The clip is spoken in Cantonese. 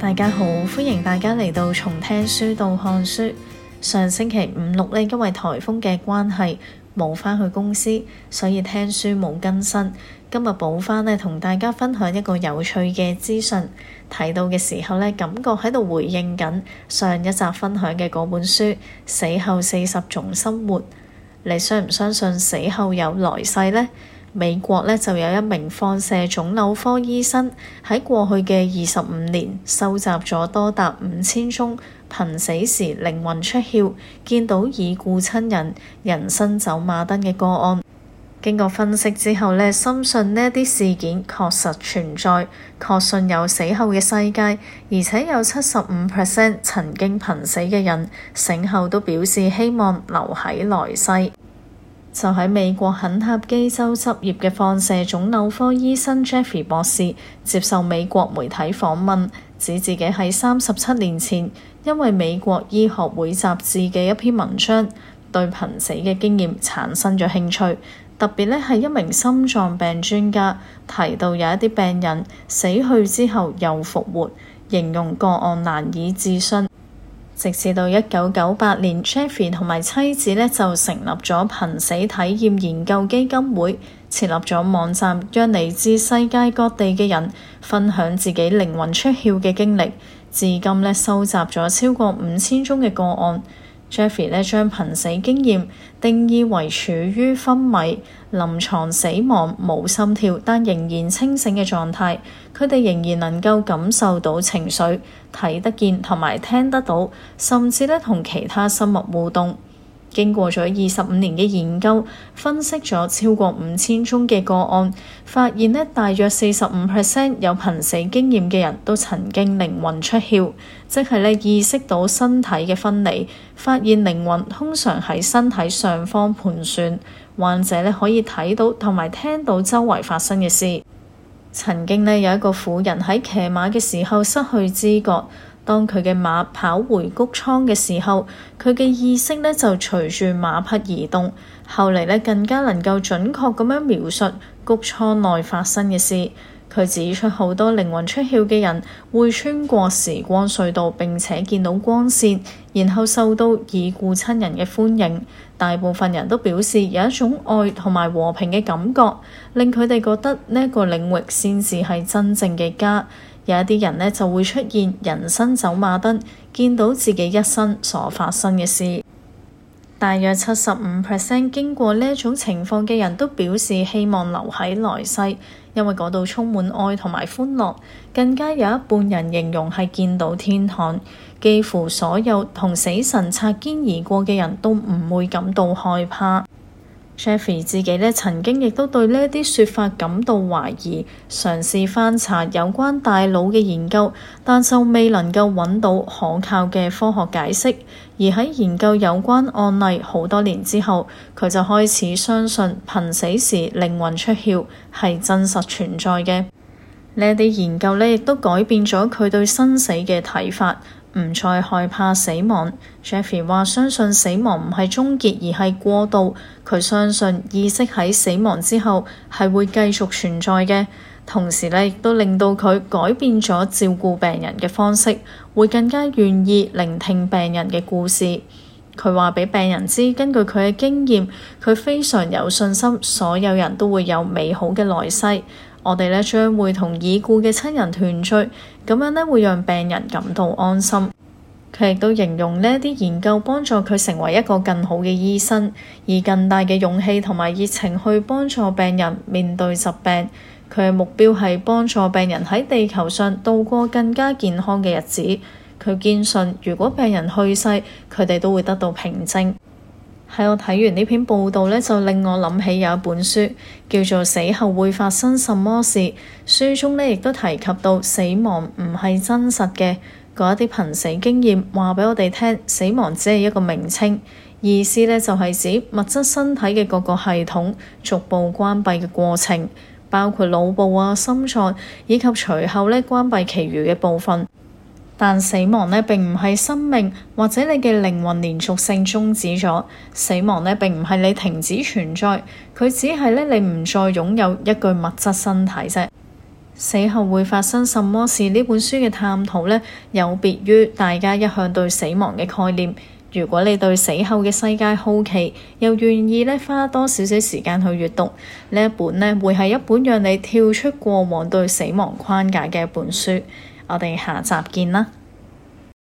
大家好，歡迎大家嚟到從聽書到看書。上星期五六呢，因為台風嘅關係，冇返去公司，所以聽書冇更新。今日補返呢，同大家分享一個有趣嘅資訊。睇到嘅時候呢，感覺喺度回應緊上一集分享嘅嗰本書《死後四十種生活》。你相唔相信死後有來世呢？美國咧就有一名放射腫瘤科醫生，喺過去嘅二十五年收集咗多達五千宗瀕死時靈魂出竅、見到已故親人、人生走馬燈嘅個案。經過分析之後呢，深信呢啲事件確實存在，確信有死後嘅世界，而且有七十五 percent 曾經瀕死嘅人醒後都表示希望留喺來世。就喺美國肯塔基州執業嘅放射腫瘤科醫生 Jeffrey 博士接受美國媒體訪問，指自己喺三十七年前因為美國醫學會雜誌嘅一篇文章，對瀕死嘅經驗產生咗興趣。特別咧係一名心臟病專家提到有一啲病人死去之後又復活，形容個案難以置信。直至到一九九八年，Jeffrey 同埋妻子呢，就成立咗「瀕死體驗研究基金會」，設立咗網站，讓嚟自世界各地嘅人分享自己靈魂出竅嘅經歷。至今呢，收集咗超過五千宗嘅個案。Jeffrey 呢將瀕死經驗定義為處於昏迷、臨床死亡、冇心跳但仍然清醒嘅狀態。佢哋仍然能夠感受到情緒、睇得見同埋聽得到，甚至呢同其他生物互動。經過咗二十五年嘅研究，分析咗超過五千宗嘅個案，發現呢大約四十五 percent 有瀕死經驗嘅人都曾經靈魂出竅，即係呢意識到身體嘅分離，發現靈魂通常喺身體上方盤旋，患者呢可以睇到同埋聽到周圍發生嘅事。曾經呢有一個婦人喺騎馬嘅時候失去知覺。當佢嘅馬跑回谷倉嘅時候，佢嘅意識呢就隨住馬匹移動，後嚟呢，更加能夠準確咁樣描述谷倉內發生嘅事。佢指出好多靈魂出竅嘅人會穿過時光隧道並且見到光線，然後受到已故親人嘅歡迎。大部分人都表示有一種愛同埋和平嘅感覺，令佢哋覺得呢個領域先至係真正嘅家。有一啲人呢，就會出現人生走馬燈，見到自己一生所發生嘅事。大約七十五 percent 經過呢種情況嘅人都表示希望留喺來世，因為嗰度充滿愛同埋歡樂。更加有一半人形容係見到天堂，幾乎所有同死神擦肩而過嘅人都唔會感到害怕。Jeffrey 自己呢，曾經亦都對呢啲説法感到懷疑，嘗試翻查有關大腦嘅研究，但就未能夠揾到可靠嘅科學解釋。而喺研究有關案例好多年之後，佢就開始相信，瀕死時靈魂出竅係真實存在嘅。呢啲研究呢，亦都改變咗佢對生死嘅睇法。唔再害怕死亡，Jeffrey 話相信死亡唔係終結，而係過渡。佢相信意識喺死亡之後係會繼續存在嘅。同時呢，亦都令到佢改變咗照顧病人嘅方式，會更加願意聆聽病人嘅故事。佢話俾病人知，根據佢嘅經驗，佢非常有信心所有人都會有美好嘅來世。我哋咧將會同已故嘅親人團聚，咁樣呢會讓病人感到安心。佢亦都形容呢啲研究幫助佢成為一個更好嘅醫生，以更大嘅勇氣同埋熱情去幫助病人面對疾病。佢嘅目標係幫助病人喺地球上度過更加健康嘅日子。佢堅信，如果病人去世，佢哋都會得到平靜。喺我睇完呢篇報道呢，就令我諗起有一本書叫做《死後會發生什麼事》，書中呢亦都提及到死亡唔係真實嘅嗰啲瀕死經驗，話俾我哋聽，死亡只係一個名稱，意思呢就係指物質身體嘅各個系統逐步關閉嘅過程，包括腦部啊、心臟以及隨後呢關閉其餘嘅部分。但死亡呢並唔係生命，或者你嘅靈魂連續性終止咗。死亡呢，並唔係你停止存在，佢只係呢，你唔再擁有一具物質身體啫。死後會發生什麼事？呢本書嘅探討呢，有別於大家一向對死亡嘅概念。如果你對死後嘅世界好奇，又願意呢花多少少時間去閱讀呢一本呢會係一本讓你跳出過往對死亡框架嘅一本書。我哋下集見啦～